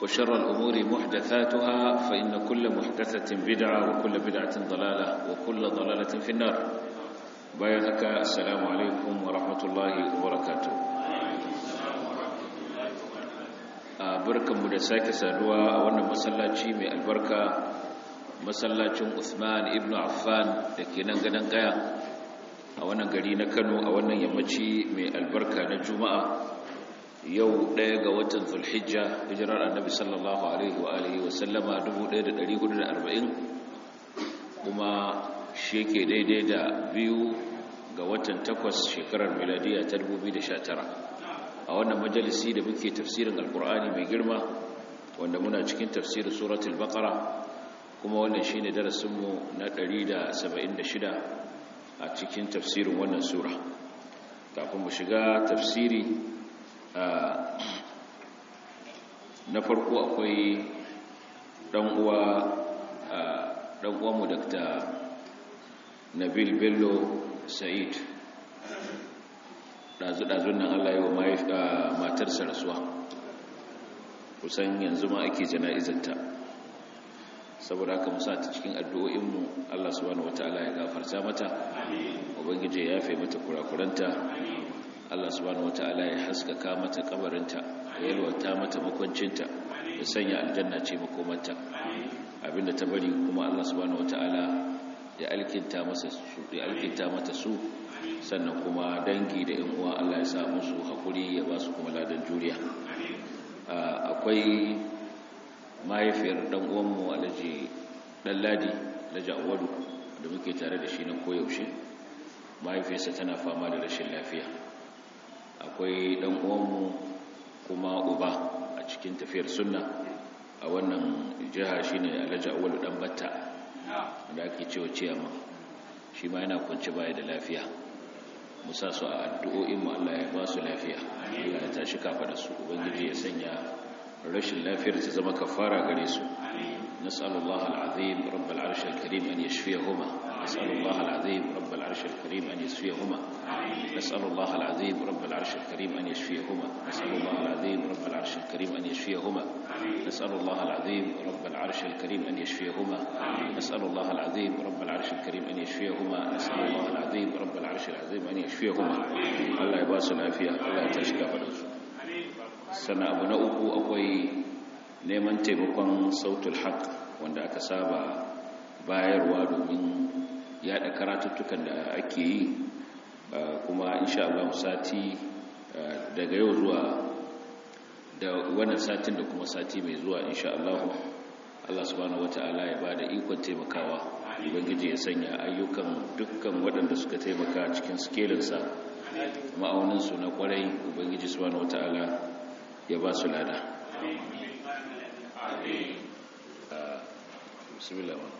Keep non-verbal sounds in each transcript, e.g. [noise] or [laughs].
وشر الأمور محدثاتها فإن كل محدثة بدعة وكل بدعة ضلالة وكل ضلالة في النار بيانك السلام عليكم ورحمة الله وبركاته barkan mu da sake saduwa a wannan masallaci mai albarka masallacin Usman ibn Affan da ke nan gadan gaya a wannan gari na Kano a wannan yammaci mai albarka na Juma'a yau ɗaya ga watan zulhijja hijirar annabi sallallahu alaihi wa alihi wa sallama 1440 kuma shi ke daidai da biyu ga watan takwas shekarar miladiya ta 2019 a wannan majalisi da muke tafsirin alkur'ani mai girma wanda muna cikin tafsirin suratul baqara kuma wannan shine mu na 176 a cikin tafsirin wannan sura kafin mu shiga tafsiri Ah, na farko akwai ɗan'uwa ah, mu dakta nabil bello sa'id ɗazu-ɗazun nan allah yi wa ah, matarsa rasuwa kusan yanzu ma ake jana'izanta. saboda haka musa ta cikin addu'o'inmu allah subhanahu wata'ala ya gafarta mata ubangije ya yafe mata kurakuranta Allah subhanahu wata'ala ya haskaka mata kabarinta ya yalwata mata makwancinta ya sanya aljanna ce makomarta abinda ta bari kuma Allah subhanahu wata'ala ya alkinta masa su ya alkinta mata su sannan kuma dangi da yan uwa Allah ya sa musu hakuri ya ba su kuma ladan juriya akwai mahaifiyar dan uwanmu Alhaji Dalladi Alhaji Awadu da muke tare da shi na koyaushe mahaifiyarsa tana fama da rashin lafiya akwai ɗan uwanmu kuma uba a cikin tafiyar sunna a wannan jiha shine alhaji awwalu ɗan batta da ake cewa ciyama shi ma yana kunci baya da lafiya mu sa su a addu'o'in mu Allah ya ba su lafiya Allah ya tashi kafa da su ubangiji ya sanya rashin lafiyar ta zama kafara gare su nas'alullahi al'azim rabbul arshil karim an yashfiyahuma نسأل الله العظيم رب العرش الكريم أن يشفيهما نسأل الله العظيم رب العرش الكريم أن يشفيهما نسأل الله العظيم رب العرش الكريم أن يشفيهما نسأل الله العظيم رب العرش الكريم أن يشفيهما نسأل الله العظيم رب العرش الكريم أن يشفيهما نسأل الله العظيم رب العرش العظيم أن يشفيهما الله يبارك العافية الله يتشكى فلوسه sana abu na uku akwai neman taimakon sautul haq wanda aka saba bayarwa domin yada karatuttukan da ake yi kuma insha Allah sati daga yau zuwa da wannan satin da kuma sati mai zuwa insha Allah Allah subhanahu wataala ya bada ikon taimakawa ubangiji ya sanya ayyukan dukkan waɗanda suka taimaka cikin skelinsa ma'auninsu na kwarai ubangiji subhanahu wataala ya ba su lada bismillah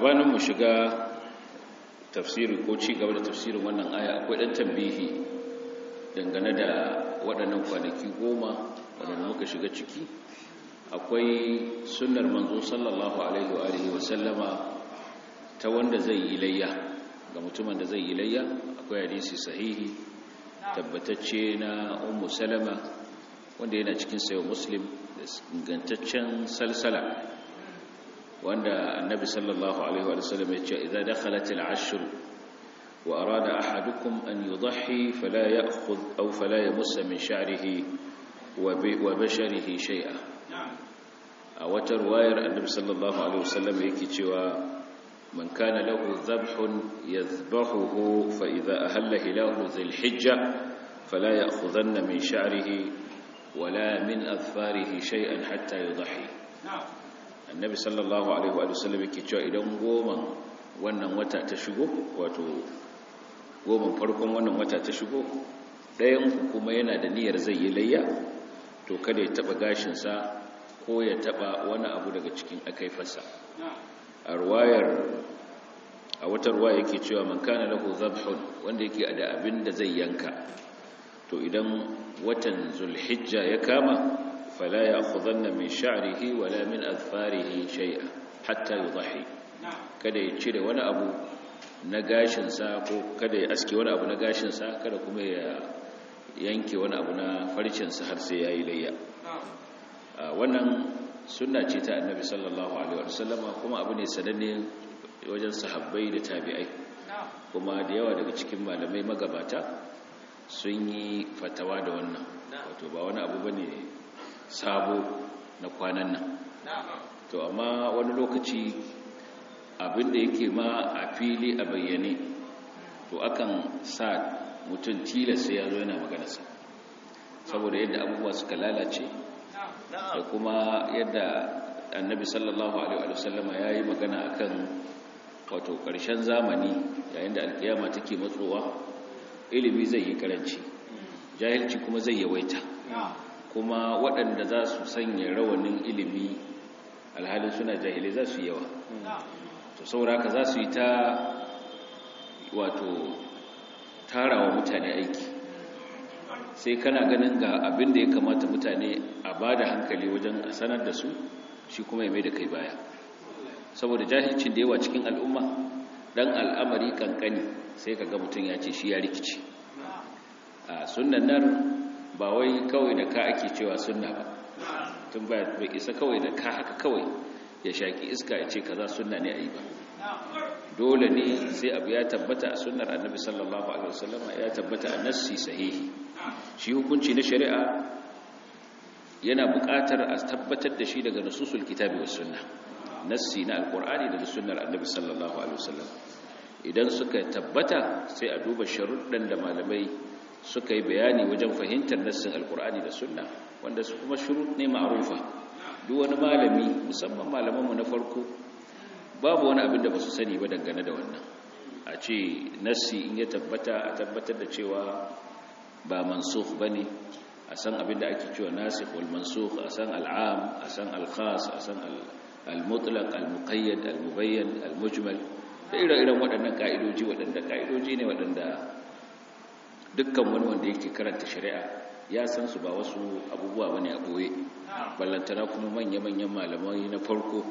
gabanin mu shiga tafsiri ko ci gaba da tafsirin wannan aya akwai ɗan tambihi dangane da waɗannan kwanaki goma waɗanda muka shiga ciki akwai sunnar manzo sallallahu alaihi wa alihi wa ta wanda zai yi layya ga mutumin da zai yi layya akwai hadisi sahihi tabbatacce na ummu salama wanda yana cikin sayo muslim da ingantaccen salsala وأن النبي صلى الله عليه وسلم إذا دخلت العشر وأراد أحدكم أن يضحي فلا يأخذ أو فلا يمس من شعره وبشره شيئا أوتر واير النبي صلى الله عليه وسلم يكتوى من كان له ذبح يذبحه فإذا أهل هلاه ذي الحجة فلا يأخذن من شعره ولا من أذفاره شيئا حتى يضحي نعم annabi sallallahu alaihi wa sallam yake cewa idan goma wannan wata ta shigo wato goma farkon wannan wata ta shigo ɗayan ku kuma yana da niyyar zai yi layya to kada ya taba gashinsa ko ya taɓa wani abu daga cikin akaifarsa a ruwayar a wata ruwa yake cewa man kana lahu zabhun wanda yake da abin da zai yanka to idan watan zulhijja ya kama فلا ya من شعره ولا wala اظفاره شيئا حتى hatta yudhi kada ya cire wani abu na gashinsa ko kada ya aske wani abu na gashinsa kada kuma ya yanke wani abu na farcinsa har sai ya yi layya wannan sunna ce ta annabi sallallahu alaihi wasallama kuma abu ne sananne wajen sahabbai da tabi'ai kuma da yawa daga cikin malamai magabata sun yi fatawa da wannan wato ba wani abu bane sabo na kwanan nan to amma wani lokaci abinda yake ma a fili a bayyane to akan sa mutum tilasta ya zo yana maganarsa saboda yadda abubuwa suka lalace da kuma yadda annabi sallallahu alaihi wasallama ya yi magana akan wato ƙarshen zamani yayin da alkiyama take matsowa ilimi zai yi karanci jahilci kuma zai yawaita kuma waɗanda za su sanya rawanin ilimi alhalin suna jahili za su yi yawa to sauraka za su yi ta wato tara wa mutane aiki sai kana ganin ga abin da ya kamata mutane a ba da hankali wajen a sanar da su shi kuma ya mai da kai baya saboda jahilcin da yawa cikin al'umma dan al'amari kankani sai ka ga mutum ya ce shi ya rikici a sunan nan ba wai kawai da ka ake cewa sunna ba tun ba bai isa kawai da ka haka kawai ya shaƙi iska ya ce kaza sunna ne a yi ba dole ne sai abu ya tabbata a sunnar annabi sallallahu alaihi wasallam ya tabbata a nassi sahihi shi hukunci na shari'a yana buƙatar a tabbatar da shi daga nususul kitabi was sunna nassi na alqur'ani da sunnar annabi sallallahu alaihi wasallam idan suka tabbata sai a duba sharuɗan da malamai suka yi bayani wajen fahimtar nassin alkur'ani da sunna wanda su kuma shurut ne ma'rufa duk wani malami musamman malamanmu na farko babu wani abin da ba su sani ba dangane da wannan a ce nassi in ya tabbata a tabbatar da cewa ba mansukh ne. a san abin da ake cewa nasikh wal mansukh a san al'am a san al-khas a san al-mutlaq al-muqayyad al-mubayyan al-mujmal da irin waɗannan ka'idoji waɗanda ka'idoji ne waɗanda dukkan wani wanda yake karanta shari'a ya san su ba wasu abubuwa bane a boye ballantana kuma manya-manyan malamai na farko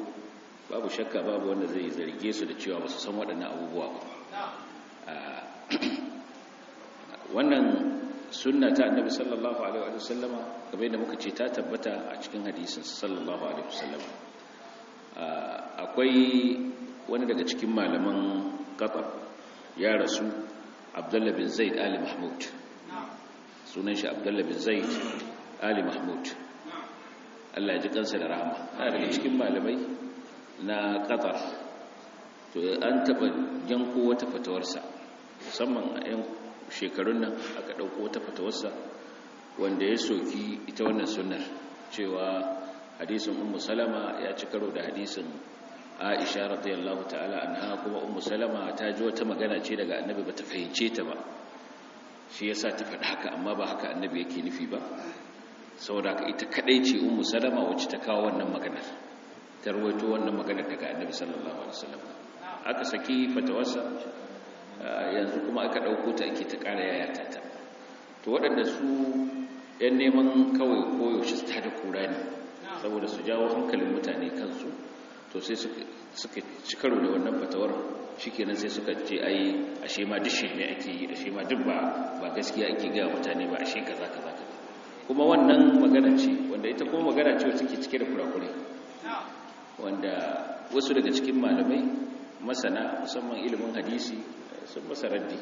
babu shakka babu wanda zai zarge su da cewa basu san waɗannan abubuwa ba ah, wannan sunna ta annabi sallallahu alaihi wa sallama kamar yadda muka ce ta tabbata a cikin hadisin sallallahu alaihi wa sallama ah, akwai wani daga cikin malaman kafa ya rasu abdullah bin zaid ali mahmud sunan shi abdullah bin zaid ali mahmud Allah ya ji kansa da rahama a daga cikin malamai na qatar to an taba yanko wata fatawarsa musamman a yan shekarun nan aka dauko wata fatawarsa wanda ya soki ita wannan sunnar cewa hadisin ummu salama ya ci karo da hadisin aisha radiyallahu ta'ala anha kuma ummu salama ta ji wata magana ce daga annabi bata fahimce ta ba shi yasa ta faɗi haka amma ba haka annabi yake nufi ba saboda ka ita kadai ce ummu salama wacce ta kawo wannan maganar ta rawaito wannan maganar daga annabi sallallahu alaihi wasallam aka saki fatawarsa yanzu kuma aka dauko ta ake ta ƙara yayata ta to waɗanda su yan neman kawai koyaushe ta da kura ne saboda su jawo hankalin mutane kansu to sai suka ci karo da wannan fatawar shikenan sai suka ce ai ashe ma dishi ne ake yi ashe ma duk ba ba gaskiya ake ga mutane ba ashe kaza kaza kaza kuma wannan magana ce wanda ita kuma magana ce wacce ke cike da kurakure wanda wasu daga cikin malamai masana musamman ilimin hadisi sun masa raddi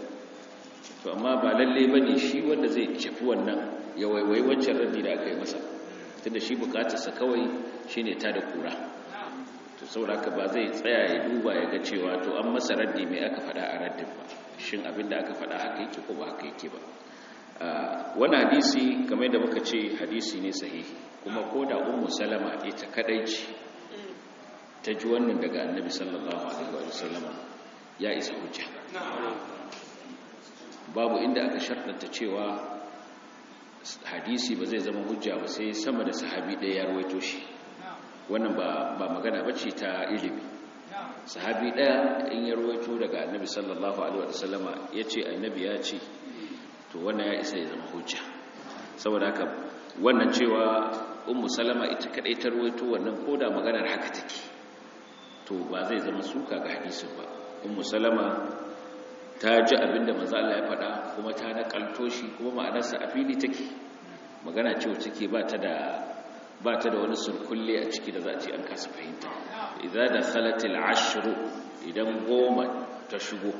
to amma ba lalle bane shi wanda zai cefi wannan ya waiwai wancan raddi da aka yi masa tunda shi bukatarsa kawai shine ta da kura sauraka ba zai tsaya ya duba ya ga cewa to an masa raddi mai aka faɗa a raddin ba shin abinda aka faɗa haka yake ko ba haka yake ba wani hadisi kamar da muka ce hadisi ne sahihi kuma ko da ummu salama ita kadai ce ta ji wannan daga annabi sallallahu alaihi wa sallam ya isa hujja babu inda aka shartanta cewa hadisi ba zai zama hujja ba sai sama da sahabi ɗaya ya rawaito shi wannan ba magana ce ta ilimi sahabi ɗaya in ya rawaito daga annabi sallallahu alaihi ya yace annabi ya ce to wannan ya isa ya zama hujja saboda haka wannan cewa ummu salama ita kadai ta rawaito wannan koda maganar haka take to ba zai zama suka ga hadisin ba ummu salama ta ji abinda manzo Allah ya faɗa kuma ta nakalto shi kuma ma'anarsa a fili take magana cewa take ba ta da ba ta da wani sulkulle a ciki da za a ce an kasa fahimta idan da salatil ashiru, idan goma ta shigo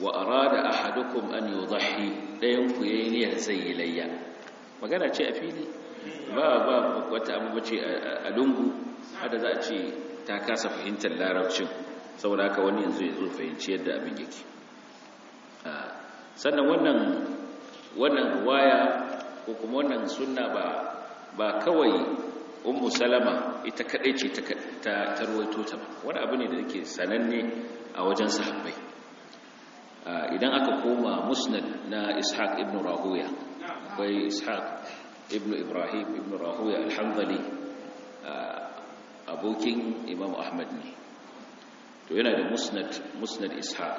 wa arada ahadukum an yudhi dayan ku yayi niyyar zai yi layya magana ce a fili ba ba wata amince a lungu hada za a ce ta kasa fahimtar larabcin saboda haka wani yanzu ya zo fahimci yadda abin yake sannan wannan waya ko kuma wannan sunna ba ba kawai ummu salama ita kadai ce ta tarwaito ta ba wani abu ne da ke sananne a wajen sahabbai idan aka koma musnad na ishaq ibn rahuya ishaq ibn ibrahim ibn rahuya alhamdali abokin imam ahmad ne to yana da musnad musnad ishaq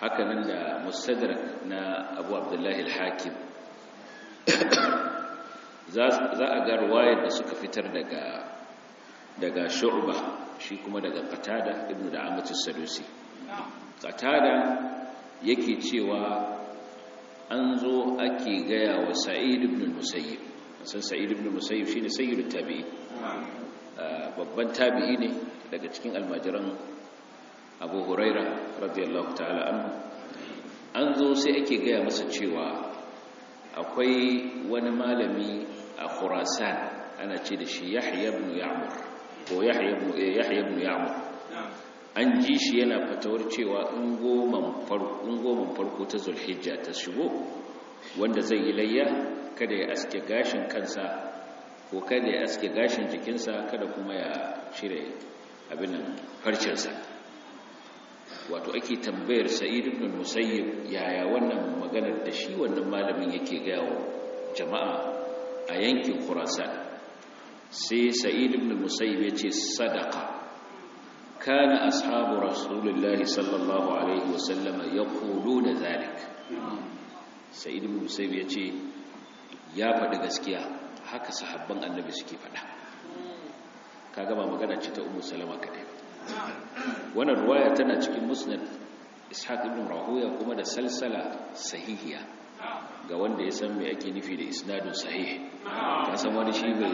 hakanan da mustadrak na abu abdullahi al-hakim za a ga ruwayar da suka fitar daga shu'ba shi kuma daga Katada, ibn da amincin sadusi katada yake cewa an zo ake gaya wa sa'id ibn musayyib san sa'id ibn musayyib ne Sayyidu tabi'i ah, babban tabi'i ne daga cikin almajiran abu huraira radiyallahu ta'ala anhu an zo sai ake gaya masa cewa akwai wani malami a khurasan ana ce da shi yahya ibn ya'mur ko yahya ibn eh, yahya ibn ya'mur an ji shi yana fatawar cewa in goman farko in goman farko ta zulhijja ta shigo wanda zai yi layya kada ya aske gashin kansa ko kada ya aske gashin jikinsa kada kuma ya shire abin nan sa wato ake tambayar sa'id ibn musayyib yaya wannan maganar da shi wannan malamin yake gawo jama'a a yankin Kurasan, sai sa'id ibn musayyib ya ce sadaka kana ashabu rasulillahi sallallahu alaihi wasallam yaquluna zalik sa'id ibn musayyib ya ce ya faɗi gaskiya haka sahabban annabi suke faɗa kaga ba magana ce ta ummu salama kadai wannan ruwaya tana cikin musnad ishaq ibn rahuya kuma da salsala sahihiya ga wanda ya san mai ake nufi da isnadun sahih ka san wani shi ba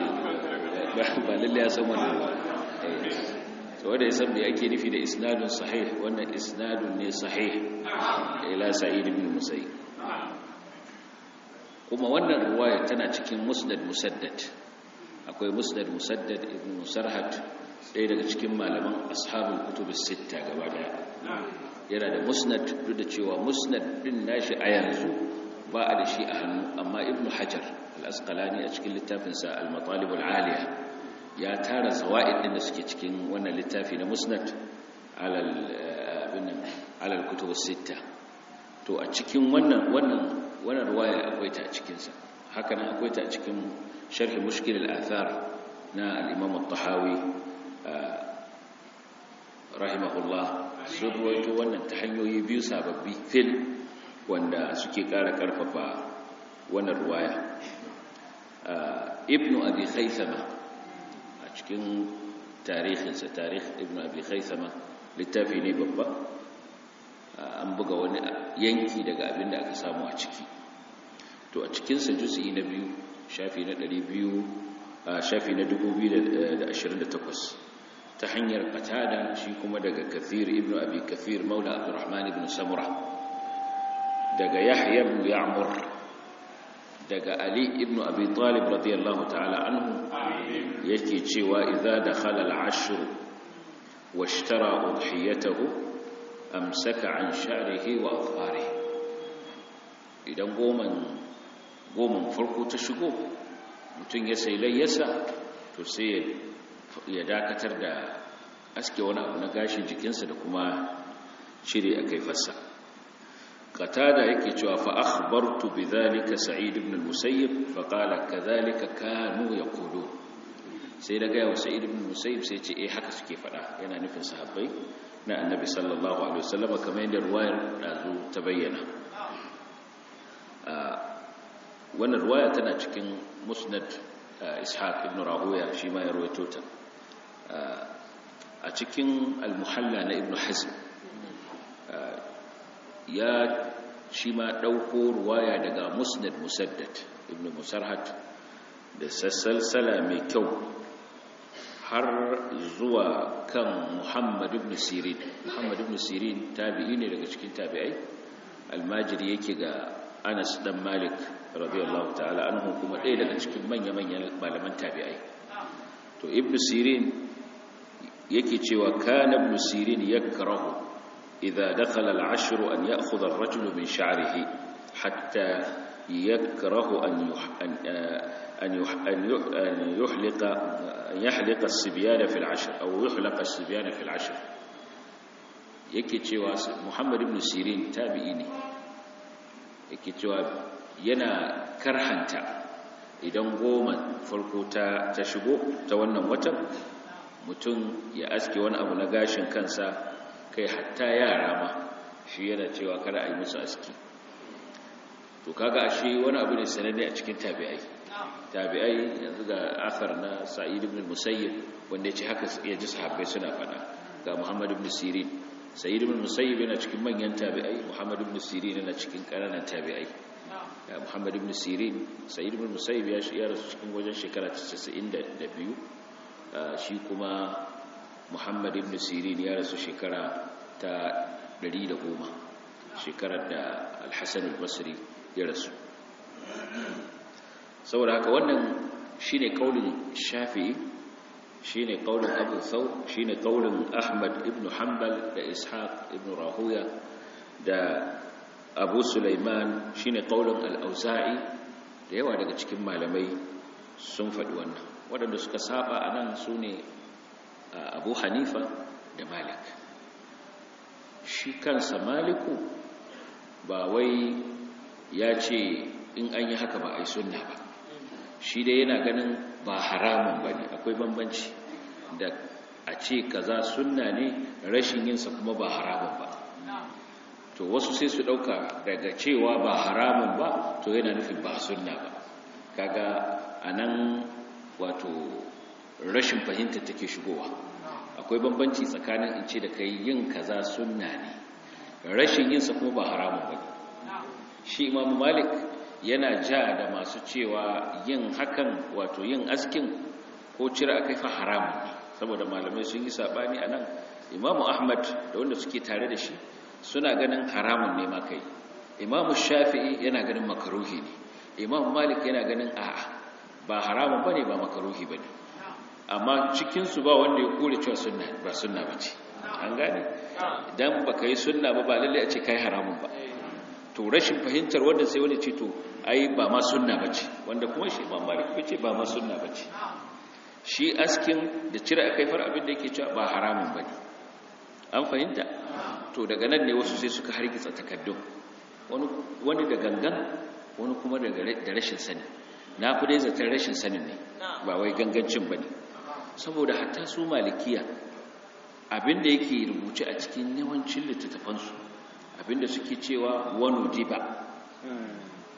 lalle ya san wani ba eh, wanda ya san mai ake nufi da isnadun sahih wannan isnadun ne sahih ila sa'id ibn musayyib kuma wannan ruwaya tana cikin musnad musaddad akwai musnad musaddad ibn sarhat ɗaya daga cikin malaman ashabul kutub sitta gaba daya yana da musnad duk da cewa musnad din nashi a yanzu ba a da shi a hannu amma ibn hajar al-asqalani a cikin littafin sa al matalib al aliya ya tara zawa'id din da suke cikin wannan littafi na musnad ala alal ala al kutub sitta to a cikin wannan wannan wannan riwaya akwai ta a cikin sa haka nan akwai ta a cikin sharh mushkil al-athar na al-imam al tahawi rahimahullah sun to wannan ta hanyoyi biyu sababbi fil wanda suke ƙara ƙarfafa wannan ruwaya ah, ibnu abi khaisama a cikin tarihinsa tarih ibnu abi khaisama littafi ne babba ah, an buga wani yanki daga abin da aka samu a ciki to a cikinsa juzi na biyu shafi na 200 ah, shafi na 2028 ta hanyar qatada shi kuma daga kafir, ibnu abi kafir, maula abdurrahman Ibnu samura daga yahya ibn ya'mur daga ali ibn abi talib radiyallahu ta'ala anhu yake cewa idza dakhala al-ashr washtara udhiyatahu amsaka an sha'rihi wa afarihi idan goman goman farko ta shigo mutum ya sai layyasa to sai ya dakatar da aski wani abu na gashin jikinsa da kuma cire a kaifarsa. qatada yake cewa fa akhbartu bidhalika sa'id ibn al-musayyib fa qala kadhalika kanu yaqulu sai da ga sa'id ibn al-musayyib sai ce eh haka suke fada yana nufin sahabbai na annabi sallallahu alaihi wasallam kamar yadda ruwayar dazu ta bayyana wannan ruwaya tana cikin musnad ishaq ibn rahuya shi ma ya ruwaito ta a cikin al-muhalla na ibn hazm ya shi ma ɗauko ruwaya daga musnad musaddad ibn musarhat da sassalsala mai kyau har zuwa kan Muhammadu ibn sirin Muhammadu ibn sirin tabi'i ne daga cikin tabi'ai almajiri yake ga anas dan malik radiyallahu ta'ala anhu kuma ɗaya daga cikin manya-manyan malaman tabi'ai to ibn sirin yake cewa kana ibn sirin yakrahu إذا دخل العشر أن يأخذ الرجل من شعره حتى يكره أن أن آه، أن, أن, يحلق أن يحلق الصبيان في العشر أو يحلق الصبيان في العشر يكتشوا محمد بن سيرين تابعيني يكتشوا ينا كرهنتا idan goma farko ta ta shigo ta wannan watan mutum ya aske wani abu na kai hatta yara ma shi yana cewa kada a yi musu aski to kaga shi wani abu ne sanadai a cikin tabi'ai tabi'ai yanzu ga athar na sa'id ibn musayyib wanda ya ce haka ya ji sahabbai suna fada ga muhammad ibn sirin sa'id ibn musayyib yana cikin manyan tabi'ai muhammad ibn sirin yana cikin ƙananan tabi'ai ga muhammad ibn sirin sa'id ibn musayyib ya shi rasu cikin wajen shekara 92 shi kuma muhammad ibn sirin ya rasu shekara ta 110 shekarar da alhassan al-basri ya rasu saboda haka wannan shine kaulin shafi'i shine kaulin abu sau shine kaulin ahmad ibn hanbal da ishaq ibn rahuya da abu sulaiman shine kaulin al-auza'i da yawa daga cikin malamai sun faɗi wannan waɗanda suka saba a nan su ne abu hanifa da malik shi kansa maliku ba wai ya ce in an yi haka ba a yi sunna ba shi dai yana ganin ba haramun ba ne akwai bambanci da a ce kaza sunna ne rashin yinsa kuma ba haramun ba to wasu sai su ɗauka daga cewa ba haramun ba to yana nufin ba sunna ba kaga a nan wato rashin fahimta take shigowa akwai bambanci tsakanin in ce da kai yin kaza sunna ne rashin yin sa kuma ba haramun ba shi imamu malik yana ja da masu cewa yin hakan wato yin askin ko cire akai fa haramun ne saboda malamai sun yi sabani a nan imamu ahmad da wanda suke tare da shi suna ganin haramun ne ma kai imamu shafi'i yana ganin makaruhi ne imamu malik yana ganin a'a ba haramun bane ba makaruhi bane amma cikinsu ba wanda ya kore cewa sunna ba sunna ba ce an gane idan ba ka yi sunna ba ba lalle a ce ka yi haramun ba to rashin fahimtar wanda sai wani ce to ai ba ma sunna ba ce wanda kuma shi ba ma ba ce ba ma sunna ba ce shi askin da cire a kaifar abin da yake cewa ba haramun ba ne an fahimta to daga nan ne wasu sai suka hargitsa takaddun wani da gangan wani kuma da rashin sani na fi dai zaton rashin sanin ne ba wai gangancin ba ne saboda hatta su malikiya abinda yake rubuce a cikin yawancin littattafansu abinda suke cewa wano jiba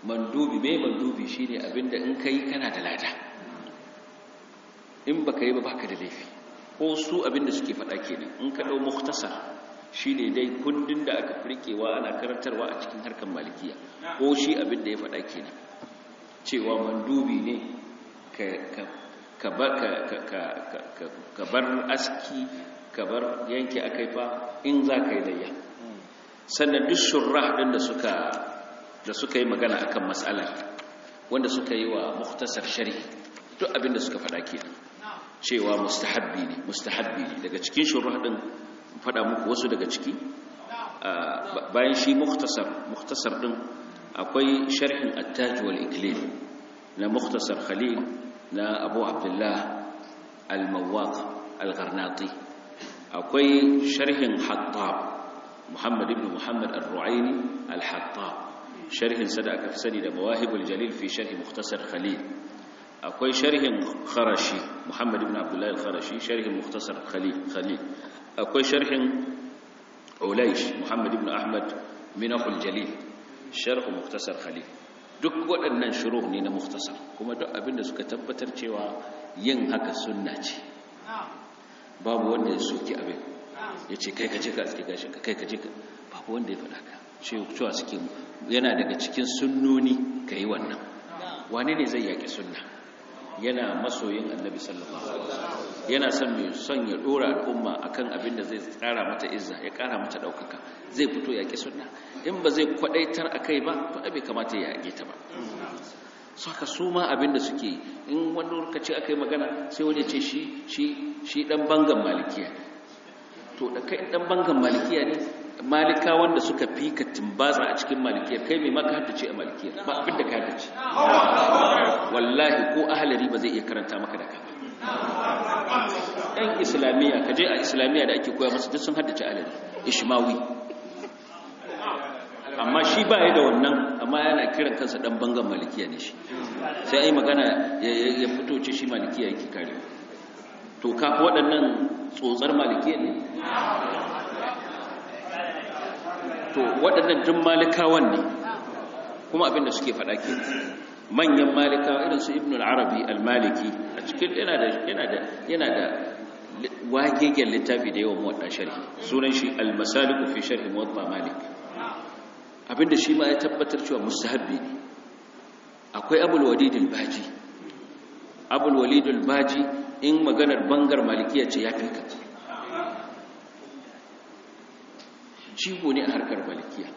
mandubi mai mandubi shine abinda in ka yi kana da lada in baka yi ba baka da laifi ko su abinda suke faɗa kenan in ka ɗau muktasar shine dai kundin da aka firkewa ana karantarwa a cikin harkar malikiya ko shi abinda ya faɗa kenan cewa mandubi ne ka ka bar aski ka bar yanki akaifa in za ka yi layya sannan duk shurrah ɗin da suka yi magana akan matsalar wanda suka yi wa muktasar shari duk abinda suka faɗa kenan cewa mustahabbi ne mustahabbi ne daga cikin shurrah ɗin faɗa muku wasu daga ciki bayan shi muktasar muktasar ɗin akwai sharhin attajuwal iklil na muktasar khalil نا ابو عبد الله المواق الغرناطي اكوي شرح حطاب محمد بن محمد الرعيني الحطاب شرح صدق افسني لمواهب الجليل في شرح مختصر خليل اكوي شرح خرشي محمد بن عبد الله الخرشي شره مختصر خليل خليل اكوي شرح عليش محمد بن احمد من أخو الجليل شرح مختصر خليل duk waɗannan shiru ne na muftasar kuma duk abinda suka tabbatar cewa yin haka sunna ce babu wanda ya soki abin ya ce kai ka ce ka tsike gashin kai ka ka babu wanda ya faɗa ka cewa suke yana daga cikin sunnoni ka yi wannan wane ne zai yaki sunna yana masoyin annabi sallallahu alaihi wasallam yana son mai son ya dora al'umma akan abin da zai tsara mata izza ya kara mata daukaka zai fito yaki sunna in ba zai kwadaitar akai ba to bai kamata ya yage ta ba saka su ma abin da suke in wani lokaci akai magana sai wani ce shi shi shi dan bangan malikiya to da kai dan bangan malikiya ne malika wanda suka fi ka timbatsa a cikin malikiya kai mai maka haddace a malikiya ba abin da ka haddace wallahi ko ahalari ba zai iya karanta maka da kafa ɗan islamiyya ka je a islamiyya da ake koya masu duk sun haddace ahalari ishmawi amma shi ba ya da wannan amma yana kiran kansa ɗan bangon malikiya ne shi sai ai magana ya fito ce shi malikiya yake kare to ka waɗannan tsotsar malikiya ne to waɗannan duk malikawan ne kuma abinda suke faɗa ke manyan malikawa irin su ibn al-arabi al-maliki a cikin yana da yana da da wagegen littafi da yawan muwaddan sharhi sunan shi al-masaliku fi sharhi muwatta malik abinda shi ma ya tabbatar cewa mustahabbi ne akwai abul baji abul walid al-baji in maganar bangar malikiya ce ya kaci cigo ne a harkar malikiya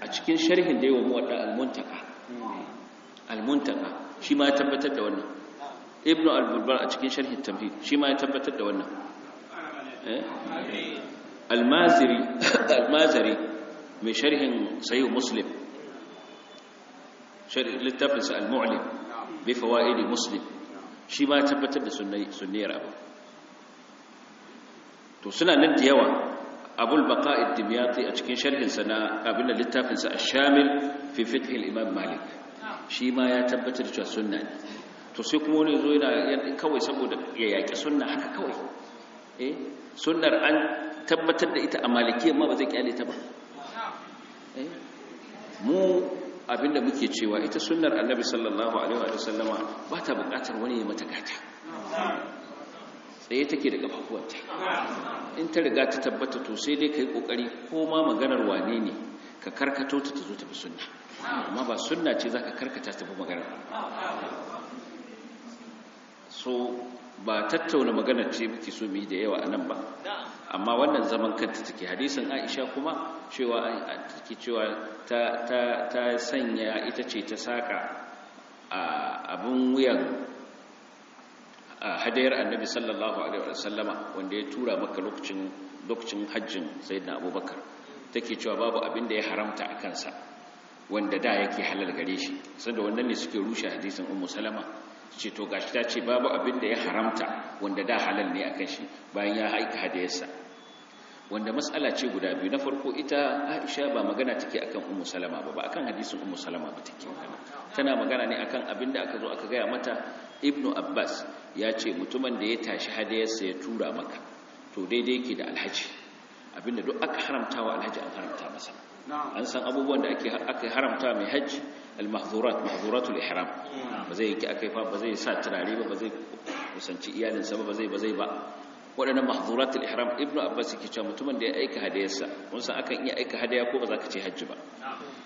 a cikin sharhin da yawan wadda almuntaka almuntaka shi ma ya tabbatar da wannan ibnu al-bulbar a cikin sharhin tamhid shi ma ya tabbatar da wannan eh? Almazari [coughs] mai sharhin sahih muslim littafinsa littafin bai al-mu'lim bi fawaid muslim shi ma ya tabbatar da sunayyar sunniyar abu to suna nan da yawa abul baqa'id dimyati a cikin sharhinsa na abin da littafinsa ash-shamil fi fiqh imam malik shi ma ya tabbatar cewa sunna ne to sai kuma wani zo yana kawai saboda ya yaƙi sunna haka kawai eh sunnar an tabbatar da ita a malikiyya ma ba zai kyale ta ba eh, mu abinda muke cewa ita sunnar annabi sallallahu alaihi wa sallama ba ta buƙatar wani ya mata gata tsaye take da kafafuwanta in ta riga ta tabbata to sai dai ka yi kokari ko ma maganar wane ne ka karkato ta ta zo ta fi suna amma ba suna ce za ka karkata ta fi maganar so ba tattauna maganar ce muke so mu da yawa anan ba amma wannan zaman kanta take hadisin Aisha kuma cewa ta sanya ita ce ta saka abin wuyan A hadayar annabi sallallahu alaihi wasallama wanda ya tura maka lokacin lokacin hajjin sayyidina abubakar take cewa babu abin da ya haramta a kansa wanda da yake halal gare shi sanda wannan ne suke rushe hadisin ummu salama ce to gashi ta ce babu abin da ya haramta wanda da halal ne akan shi bayan ya haika hadayarsa wanda matsala ce guda biyu na farko ita aisha ba magana take akan umu salama ba ba akan hadisin umu salama ba take magana tana magana ne akan abinda aka zo aka gaya mata ibnu abbas ya ce mutumin da ya tashi hadayarsa ya tura maka to daidai ke da alhaji abinda duk aka haramta wa alhaji an haramta masa an san abubuwan da ake aka haramta mai hajji al-mahzurat mahzuratul ihram ba zai yi akai fa ba zai sa turare ba ba zai kusanci iyalinsa ba ba zai ba zai ba waɗannan mahzuratul ihram ibnu abbas yake cewa mutumin da ya aika hadayarsa mun san akan iya aika hadaya ko ba za ka ce hajji ba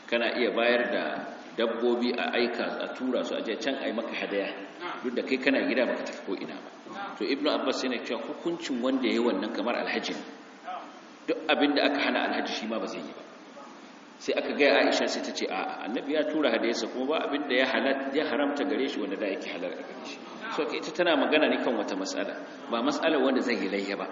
kana iya bayar da dabbobi a aika a tura su a je can ai maka hadaya duk da kai kana gida baka tafi ko ina ba to ibnu abbas yana cewa hukuncin wanda yayi wannan kamar alhaji duk abinda aka hana alhaji shi ma ba zai yi ba sai aka ga Aisha sai ta ce a'a annabi ya tura hadayarsa kuma ba abinda ya halal ya haramta gare shi wanda da yake halal a gare shi so ita tana magana ne kan wata matsala ba matsala wanda zai yi layya ba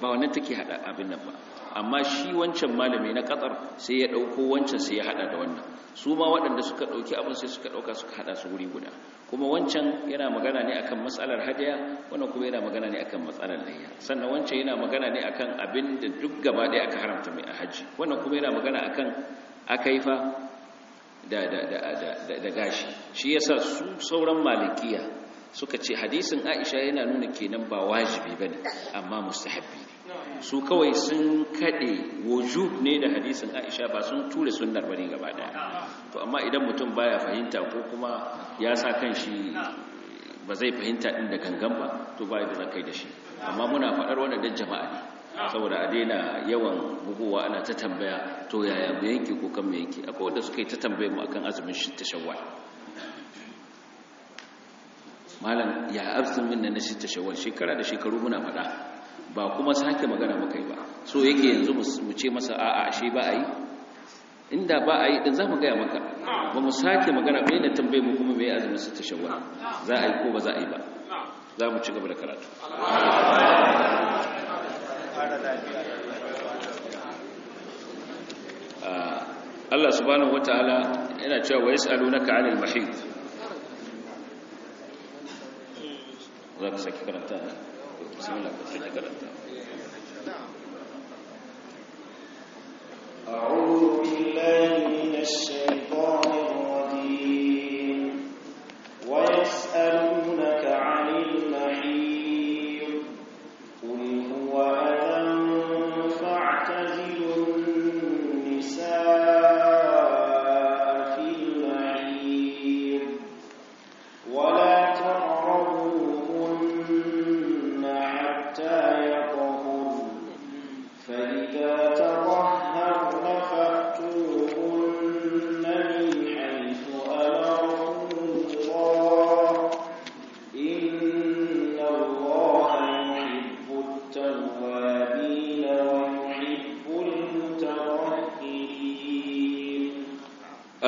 ba wannan take hada abin nan ba amma shi wancan malami na katsar sai ya dauko wancan sai ya hada da wannan su ma waɗanda suka dauki abin sai suka dauka suka hada su wuri guda kuma wancan yana magana ne akan matsalar hadiya wannan kuma yana magana ne akan matsalar layya sannan wancan yana magana ne akan abin da duk gaba ɗaya aka haramta mai a haji wannan kuma yana magana akan akaifa da da da da gashi shi yasa su sauran malikiya suka ce hadisin aisha yana nuna kenan ba wajibi ba ne amma mustahabbi ne su kawai sun kaɗe wujub ne da hadisin aisha ba sun tura sunnar bane gaba daya to amma idan mutum baya fahimta ko kuma ya sa kan shi ba zai fahimta ɗin da gangan ba to ba da zakai da shi amma muna faɗar wannan da jama'a ne saboda a daina yawan bugowa ana ta tambaya to yaya mu yanke ko kan mu yanke akwai wanda suka yi ta tambayar mu akan azumin shi ta shawwal malam ya absin min na sitta shawwal shekara da shekaru muna faɗa ba kuma sake magana muka yi ba so yake yanzu mu ce masa a'a shi ba a yi inda ba a yi din za mu gaya maka ba mu sake magana bai na tambaye mu kuma mai azumin sitta shawwal za a yi ko ba za a yi ba za mu ci gaba da karatu ah, Allah subhanahu wataala yana cewa wa yas'alunaka 'anil mahid za ka saki karanta bismillah ka saki karanta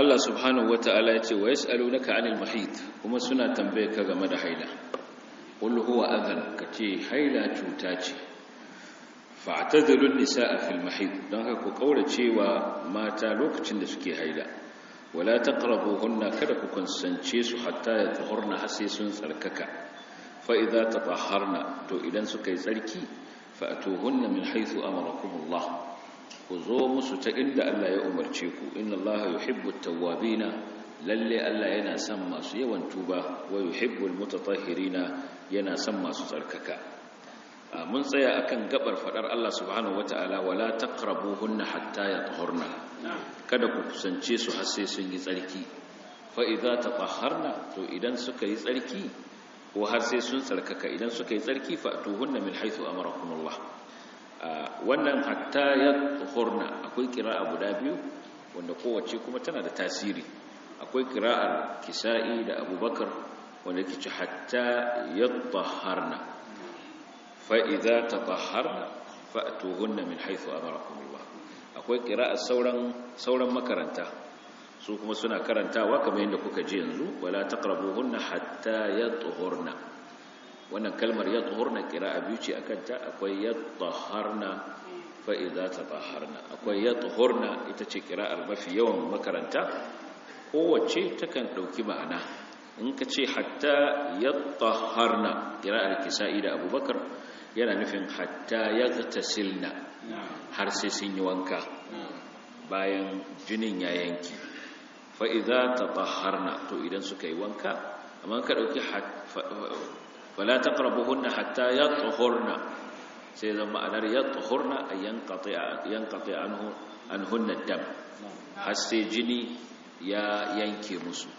Allah subhanahu wata'ala ya ce wa yas'alunaka 'anil mahid kuma suna tambaye ka game da haila qul huwa adhan kace haila cuta ce fa'tazilun nisaa fil mahid don haka ku kaurace wa mata lokacin da suke haila wala taqrabuhunna kada ku kunsance su hatta yatahurna har sai sun tsarkaka fa idza tatahharna to idan suka yi tsarki fa'tuhunna min haythu amarakumullah ku zo musu ta inda Allah ya umarce ku inna Allah yuhibbu at-tawwabina lalle Allah yana son masu yawan tuba wa yuhibbul mutatahhirina yana son masu tsarkaka mun tsaya akan gabar fadar Allah subhanahu wataala wala taqrabuhunna hatta yatahurna kada ku kusance su har sai sun yi tsarki fa idza tatahharna to idan suka yi tsarki ko har sai sun tsarkaka idan suka yi tsarki fa tuhunna min haythu amarakumullah wannan hatta ya tsohorna akwai kira'a guda biyu wanda kowace kuma tana da tasiri akwai kira'ar kisa'i da abubakar wanda ke ci hatta ya tsoharna fa'iza ta tsoharna fa'atuhunna min haifu a ba akwai kira'ar sauran makaranta su kuma suna karantawa kamar yadda kuka ji yanzu wala na hatta ya yatahurna wannan kalmar ya tsohorna kira a biyu ce a kanta akwai ya tsoharna fa'iza ta tsoharna akwai ya tsohorna ita ce kira'ar mafi yawan makaranta kowace takan ɗauki ma'ana in ka ce hatta ya tsoharna kira'ar kisa'i da abubakar yana nufin hatta ya silna har sai sun yi wanka bayan jinin ya yanki fa'iza ta tsoharna to idan suka yi wanka amma ka ɗauki فلا تقربهن حتى يطهرن سيدا ما أنا يطهرن أن ينقطع ينقطع عنه عنهن الدم حسي جني يا ينكي مسو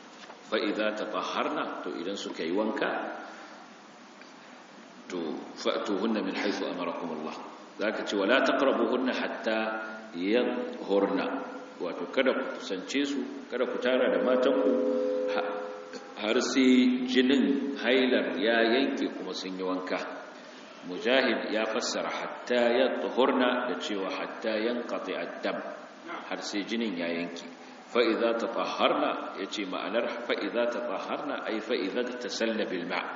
فإذا تطهرنا تو إذا سكي وانكا تو فأتوهن من حيث أمركم الله ذاك ولا تقربهن حتى يطهرن وتكدك كذا كذا تارا دماتكو har sai jinin hailar ya yanke kuma sun yi wanka mujahid ya fassara hatta ya tuhurna da cewa hatta yanqati ad-dam har sai jinin ya yanke fa idza tatahharna yace ma'anar fa idza tatahharna ay fa idza tasalla bil ma'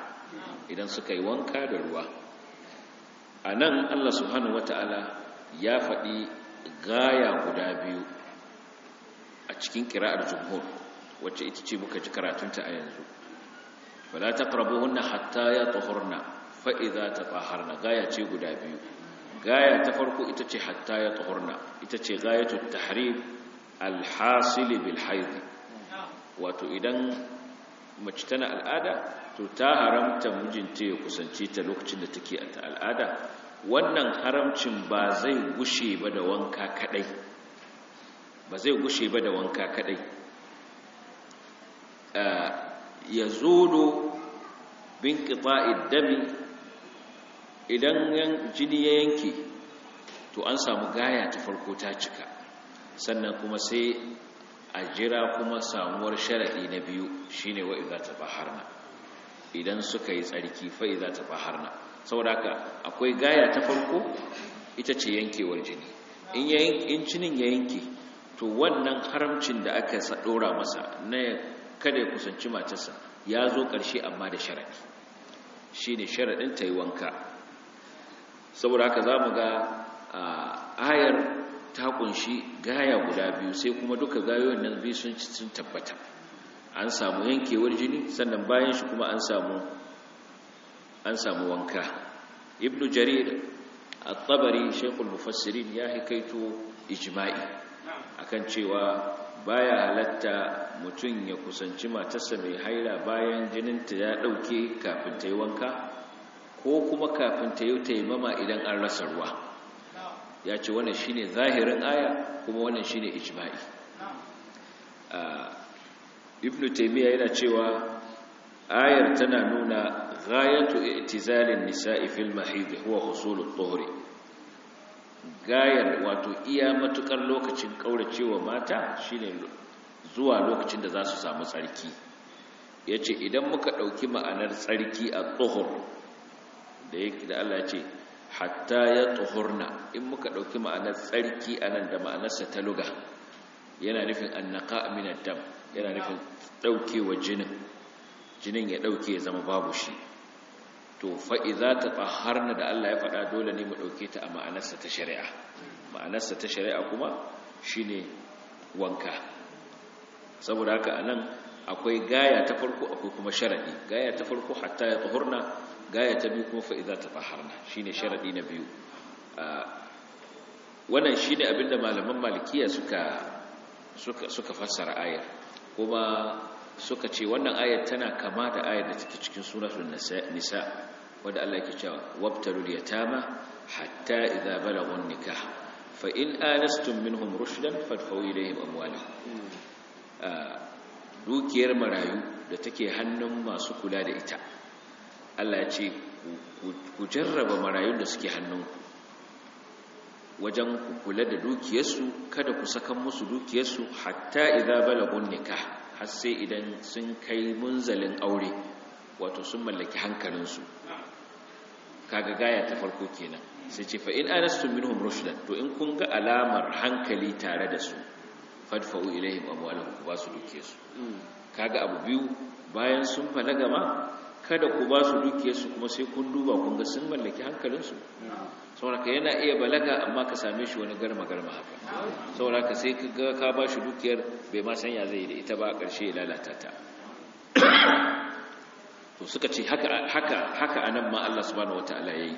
idan suka yi wanka da ruwa anan Allah subhanahu wataala ya faɗi gaya guda biyu a cikin kira'ar jumhur wacce ita ce muka ji karatunta a yanzu fala taqrabuhunna hatta yatahurna fa idza tatahharna gaya ce guda biyu gaya ta farko ita ce hatta yatahurna ita ce gayatu tahrim alhasil bil haid wato idan mace tana al'ada to ta haramta mijinta ya kusance ta lokacin da take ta al'ada wannan haramcin ba zai gushe ba da wanka kadai ba zai gushe ba da wanka kadai ya zolo bin ƙita'id dami idan jini ya yanke to an samu gaya ta farko ta cika sannan kuma sai a jira kuma samuwar sharaɗi na biyu shine wa idza ta idan suka yi tsarki fa idza ta saboda haka akwai gaya ta farko ita ce yankewar jini in jinin ya yanke to wannan haramcin da aka dora masa na kada ya kusanci matarsa ya zo ƙarshe amma da sharaɗi shi ne sharaɗin ta yi wanka saboda haka za mu ga ayar ta kunshi gaya guda biyu sai kuma duka gayoyin nan biyu sun sun tabbata an samu yankewar jini sannan bayan shi kuma an samu wanka ibnu jarir a tabari shekul mufassirin ya haikaito ijima'i akan cewa baya halatta mutum ya kusanci matarsa mai haila bayan jininta ya ɗauke kafin ta yi wanka ko kuma kafin ta yi taimama idan an rasa ruwa ya ce wannan shine zahirin aya kuma wannan shine ijma'i ibnu taymiya yana cewa ayar tana nuna ghayatu i'tizalin nisa'i fil mahid huwa husulut tuhri gayar wato iya matukar lokacin kauracewa mata shine zuwa lokacin da za su samu tsarki ya ce idan muka ɗauki ma'anar tsarki a tsohon da yake da Allah ce hatta ya tsohorna in muka ɗauki ma'anar tsarki a nan da ma'anarsa ta luga yana nufin annaka aminar dam yana nufin ɗaukewa jinin jinin ya ɗauke ya zama babu shi to fa'iza ta tsaharna da Allah ya faɗa dole ne mu ɗauke ta a ma'anarsa ta shari'a ma'anarsa ta shari'a kuma shi ne wanka saboda haka a nan akwai gaya ta farko akwai kuma sharaɗi gaya ta farko hatta ya tsohurna gaya ta biyu kuma fa'iza ta tsaharna shi ne sharaɗi na biyu wannan shi ne abinda malaman malikiya suka fassara ayar kuma suka ce wannan ayar tana kama da ayar da take cikin suratul nisa wanda Allah yake cewa wabtalul yatama hatta idza balagun nikah fa in anastum minhum rushdan fadfu ilayhim amwalahum hmm. ah, dukiyar marayu da take hannun masu kula da ita Allah ya ce ku jarraba marayun da suke hannunku wajen kula da dukiyarsu kada ku sakan musu dukiyarsu hatta idza balagun nikah har sai idan sun kai munzalin aure wato sun mallaki hankalinsu kaga gaya ta farko kenan sai ce fa in anastum minhum rushdan to in kun ga alamar hankali tare da su fadfa'u ilaihin ku ba su duke su hmm. kaga abu biyu bayan sun falaga ma kada ku ba su dukiyarsu kuma sai kun duba kun ga sun mallaki hankalinsu ka yana iya balaga amma ka same shi wani garma garma haka ka sai ka ga ka ba shi dukiyar bai ma sanya zai da ita ba a ƙarshe ya lalata ta to suka ce haka haka haka anan ma Allah subhanahu wataala yayi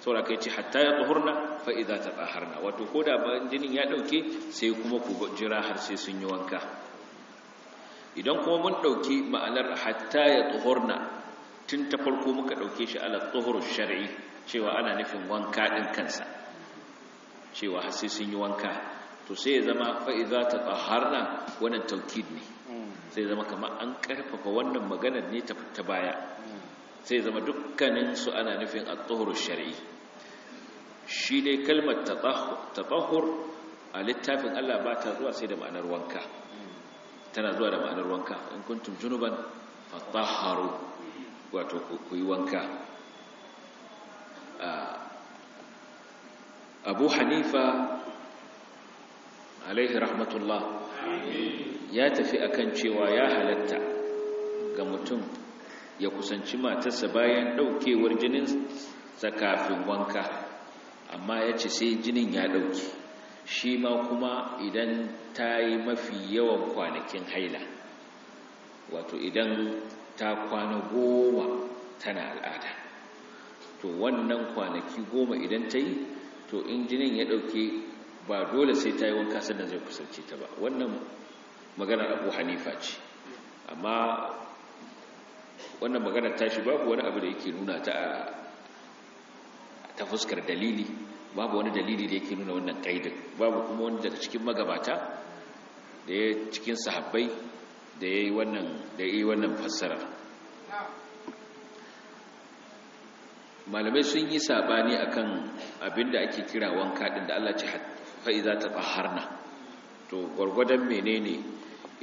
sauraka ce hatta ya tuhurna fa idza tatahharna wato koda ba jinin ya dauke sai kuma ku jira har sai sun yi wanka idan kuma mun dauki ma'anar hatta ya tuhurna tun ta farko muka ɗauke shi ala tsohoro shari'i cewa ana nufin wanka ɗin kansa cewa hasi sun yi wanka to sai ya zama fa'iza ta tsaharna wannan taukid ne sai zama kamar an ƙarfafa wannan maganar ne ta baya sai zama dukkaninsu ana nufin a tsohoro shari'i shi dai kalmar taɓahur a littafin allah ba ta zuwa sai da ma'anar wanka tana zuwa da ma'anar wanka in kuntum junuban fatahharu wato ku yi wanka ah, abu hanifa alaihi rahmatullah ya tafi akan cewa ya halatta ga mutum ya kusanci matarsa bayan daukewar jinin kafin wanka amma ya ce sai jinin ya dauke shi ma kuma idan ta yi mafi yawan kwanakin haila wato idan ta kwana goma tana al'ada to wannan kwanaki goma idan ta yi to injinin ya ɗauke ba dole sai ta yi wanka sannan zai kusance ta ba wannan maganar abu hanifa ce amma wannan maganar tashi babu wani abu da yake nuna ta ta fuskar dalili babu wani dalili da yake nuna wannan kaidin babu kuma wani daga cikin magabata da ya cikin sahabbai da ya yi wannan fassara malamai sun yi sabani akan abinda ake kira wanka ɗin da Allah ce fa'iza ta tsaharna to gwargwadon menene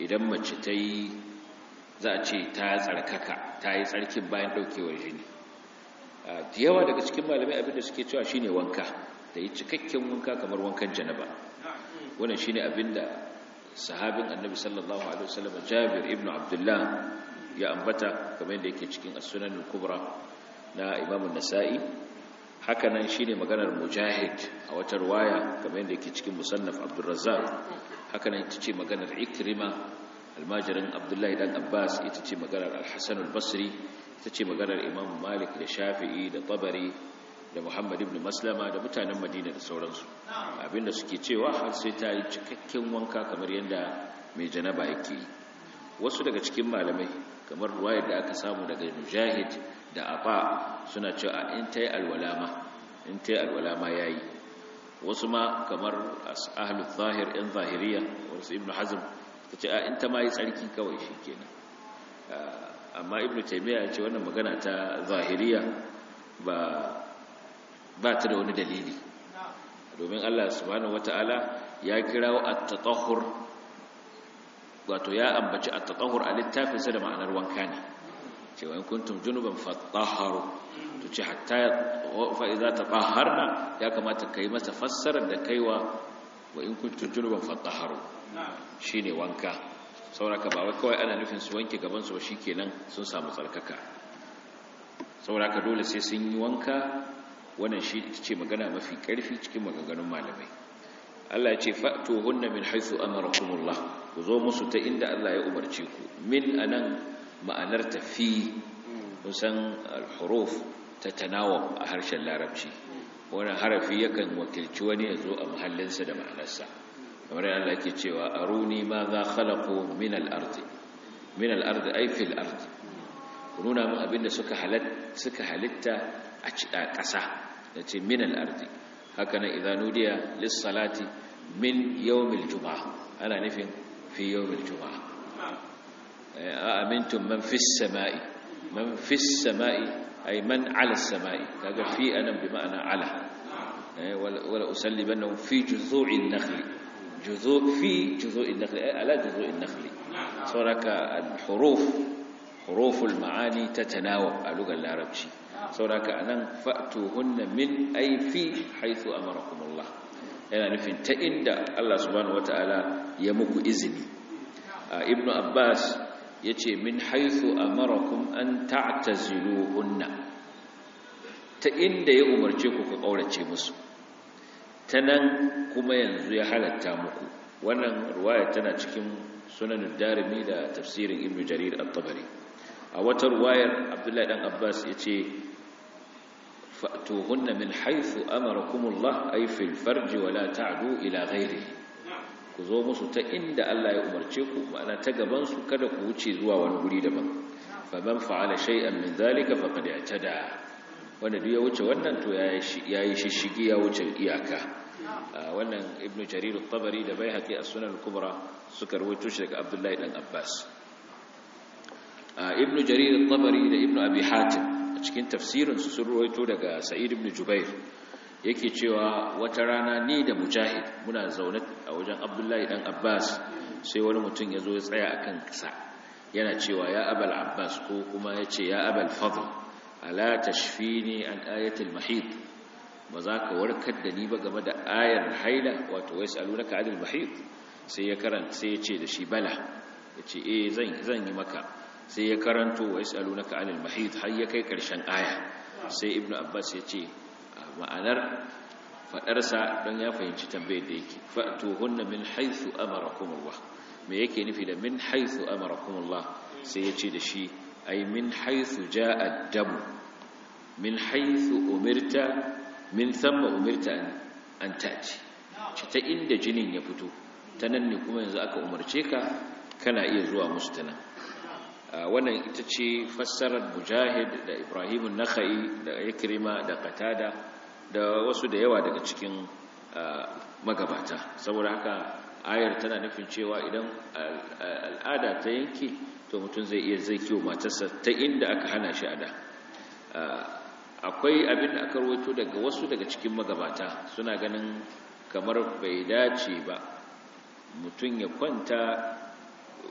idan mace ta yi za a ce ta tsarkaka ta yi tsarkin bayan daukewar jini da yawa daga cikin malamai abin da suke cewa shine wanka da yi cikakken wanka kamar wankan janaba wannan shine abinda sahabin annabi sallallahu alaihi wasallam jabir ibn abdullah ya ambata kamar yadda yake cikin as-sunan al-kubra na imam an-nasa'i haka nan shine maganar mujahid a wata riwaya kamar yadda yake cikin musannaf abdurrazzaq haka nan ita ce maganar ikrima almajirin abdullahi ɗan abbas ita ce maganar al-hasan al-basri ita ce maganar imam malik da shafi'i da tabari da muhammad ibn maslama da mutanen madina da sauransu abinda suke cewa har sai ta yi cikakken wanka kamar yadda mai janaba yake yi wasu daga cikin malamai kamar ruwayar da aka samu daga mujahid da afa suna cewa in ta yi alwalama in ta yi alwalama ya yi wasu ma kamar ahlul zahir yan zahiriya wasu ibn hazm ta ce in ta ma yi tsarki kawai shi kenan amma ibn taimiyya ya ce wannan magana ta zahiriya ba ba ta da wani dalili domin Allah subhanahu ta'ala ya kirawo at-tatahhur wato ya ambaci at-tatahhur a littafin sa da ma'anar wanka ne cewa in kuntum junuban fatahharu to ce hatta fa idza tatahharna ya kamata kai masa fassarar da kaiwa wa in kuntum junuban fatahharu shine wanka sauraka ba wai kawai ana nufin su wanke gaban su shikenan sun samu tsarkaka sauraka dole sai sun yi wanka wannan shi ce magana mafi ƙarfi cikin maganganun malamai Allah ya ce fa'to hunna min haythu amarakumullah ku zo musu ta inda Allah ya umarce ku min anan ma'anar tafi kusan al-huruf tatanawam a harshen larabci wannan harafi yakan wakilci wani ya zo a mahallinsa da ma'anarsa kamar yadda Allah yake cewa aruni ma za khalaqu min al-ardi min al-ardi ay fil ardi mu abinda suka halatta suka halitta a cida ƙasa da ce min al'ardi haka nan idanudiya lissalati min yawmil juma ana nufin fi yawmil juma a amintun man fis sama'i man fis sama'i ay man ala sama'i kaga fi anan bi ma'ana ala wala usallibannahu fi juzu'in nakhli fi جذوع nakhli ala النخل على جذوع النخل صورك الحروف حروف المعاني تتناوب a اللغة larabci sauraka anan hunna min aifi a amarakumullah yana nufin ta inda Allah subhanahu wataala ya muku izini ibnu abbas ya ce min a amarakum an hunna ta inda ya umarce ku ku kaurace musu ta nan kuma yanzu ya halatta muku wannan ruwaya tana cikin sunan darimi da tafsirin ibn jarir al-tabari a wata ruwayar abdullahi dan abbas ya ce fa'tuhunna min haythu amarakumullah ay fil farji wa la ta'du ila ghairihi ku zo musu ta inda Allah ya umarce ku ma'ana ta gaban su kada ku wuce zuwa wani guri daban faman fa'ala shay'an min zalika faqad i'tada wanda duk ya wuce wannan to yayi shishigi ya wuce iyaka wannan ibn jarir al-tabari da baihaqi as-sunan al-kubra suka rawaito shi daga abdullahi dan abbas ibn jarir al-tabari da ibn abi hatim cikin tafsirinsu sun ruwaito daga sa'id ibn jubair yake cewa wata rana ni da mujahid muna zaune a wajen abdullahi dan abbas sai wani mutum ya zo ya tsaya a kan kasa yana cewa ya abal abbas ko kuma ya ce ya abal fadl ala tashfini an ayatul mahid ba za ka warkar da ni ba game da ayar haila wato wai salunaka adil mahid sai ya karanta sai ya ce da shi bala ya ce eh zan yi maka sai ya karanto wa yas'alunaka anil mahid har ya kai karshen aya sai ibnu abbas ya ce ma'anar fadarsa don ya fahimci tambayar da yake fa'tuhunna min haythu amarakumullah me yake nufi da min haythu amarakumullah sai ya ce da shi ai min haythu ja'a ad min haythu umirta min thamma umirta an taji ta inda jinin ya fito ta nan ne kuma yanzu aka umarce ka kana iya zuwa musu ta nan Ah, wannan ita ce fassarar mujahid da ibrahim nakhai da ikrima da qatada da wasu da yawa daga cikin ah, magabata saboda haka ayar tana nufin cewa idan al'ada ta yanki to mutum zai iya zai kiwo matarsa ta inda aka hana shi a da, ah, akwai abin da aka rawaito daga wasu daga cikin magabata suna ganin kamar bai dace ba mutum ya kwanta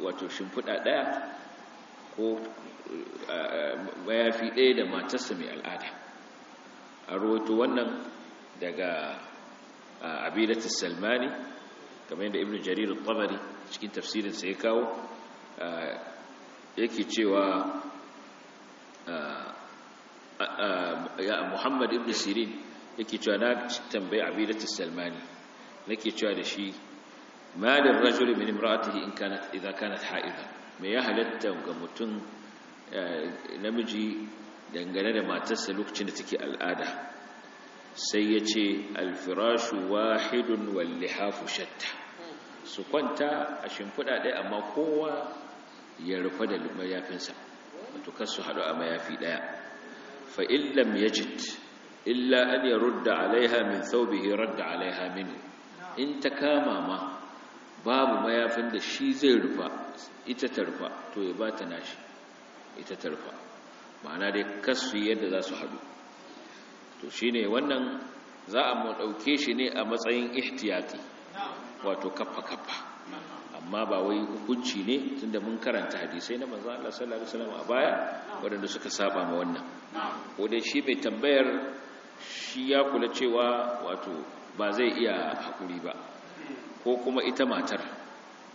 wato shimfiɗa ɗaya ko eh, eh, mayafi ɗaya da matarsa mai al'ada a rawaito wannan daga eh, abidat salmani kamar yadda ibn jarir al-tabari cikin tafsirinsa ya kawo yake cewa muhammad ibn sirin yake cewa na tambayi abidat salmani nake cewa da shi malin rajuli min imra'atihi in kanat idza kanat ha'idan me ya halatta ga mutum eh, namiji dangane da matarsa lokacin da take al'ada sai ya ce alfirashu wahidun wallihafu shatta su kwanta a shimfiɗa ɗaya amma kowa ya rufa da mayafinsa wato kar su haɗu a mayafi ɗaya fa'in ya yajid illa an ya rudda alaiha min thawbihi radda alaiha mini. in ta kama ma babu mayafin da shi zai rufa ita tarfa to ya ba ta nashi ita tarfa ma'ana dai kasu yadda za su haɗu to shi ne wannan za a ɗauke shi ne a matsayin ihtiyati wato kafa-kafa. amma ba wai hukunci ne tunda mun karanta hadisai na maza Allah sallallahu alaihi a baya waɗanda suka saba ma wannan ko shi mai tambayar shi ya kula cewa wato ba zai iya haƙuri ba ko kuma ita matar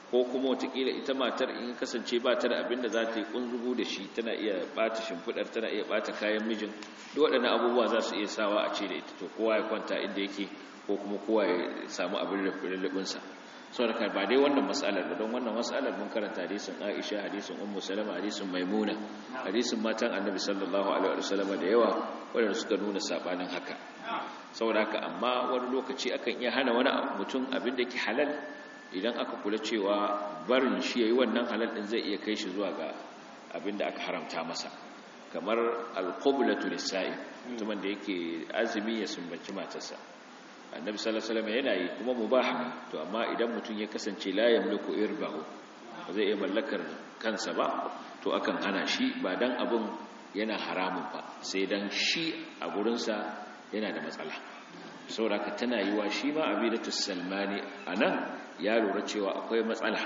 ko kuma watakila ita matar in kasance ba ta da abin da za ta yi kunzugu da shi tana iya bata shimfidar tana iya bata kayan mijin duk waɗannan abubuwa za su iya sawa a ce da ita to kowa ya kwanta inda yake ko kuma kowa ya samu abin Sau da ba dai wannan matsalar ba don wannan matsalar mun karanta hadisin Aisha hadisin Ummu Salama hadisin Maimuna hadisin matan Annabi sallallahu alaihi wasallam da yawa wanda suka nuna sabanin haka saboda haka amma wani lokaci akan iya hana wani mutum abin da ke halal idan aka kula cewa barin shi yayi wannan halal din zai iya kai shi zuwa ga abinda aka haramta masa kamar alqublatu lisa'i mutumin da yake azumi ya sumbanci matarsa annabi sallallahu alaihi wasallam yana yi kuma mubah to amma idan mutum ya kasance la yamliku irbahu ba zai iya mallakar kansa ba to akan hana shi ba dan abun yana haramun ba sai dan shi a gurinsa yana da matsala saboda ka tana yiwa shi ma abidatu salmani anan ya lura cewa akwai matsala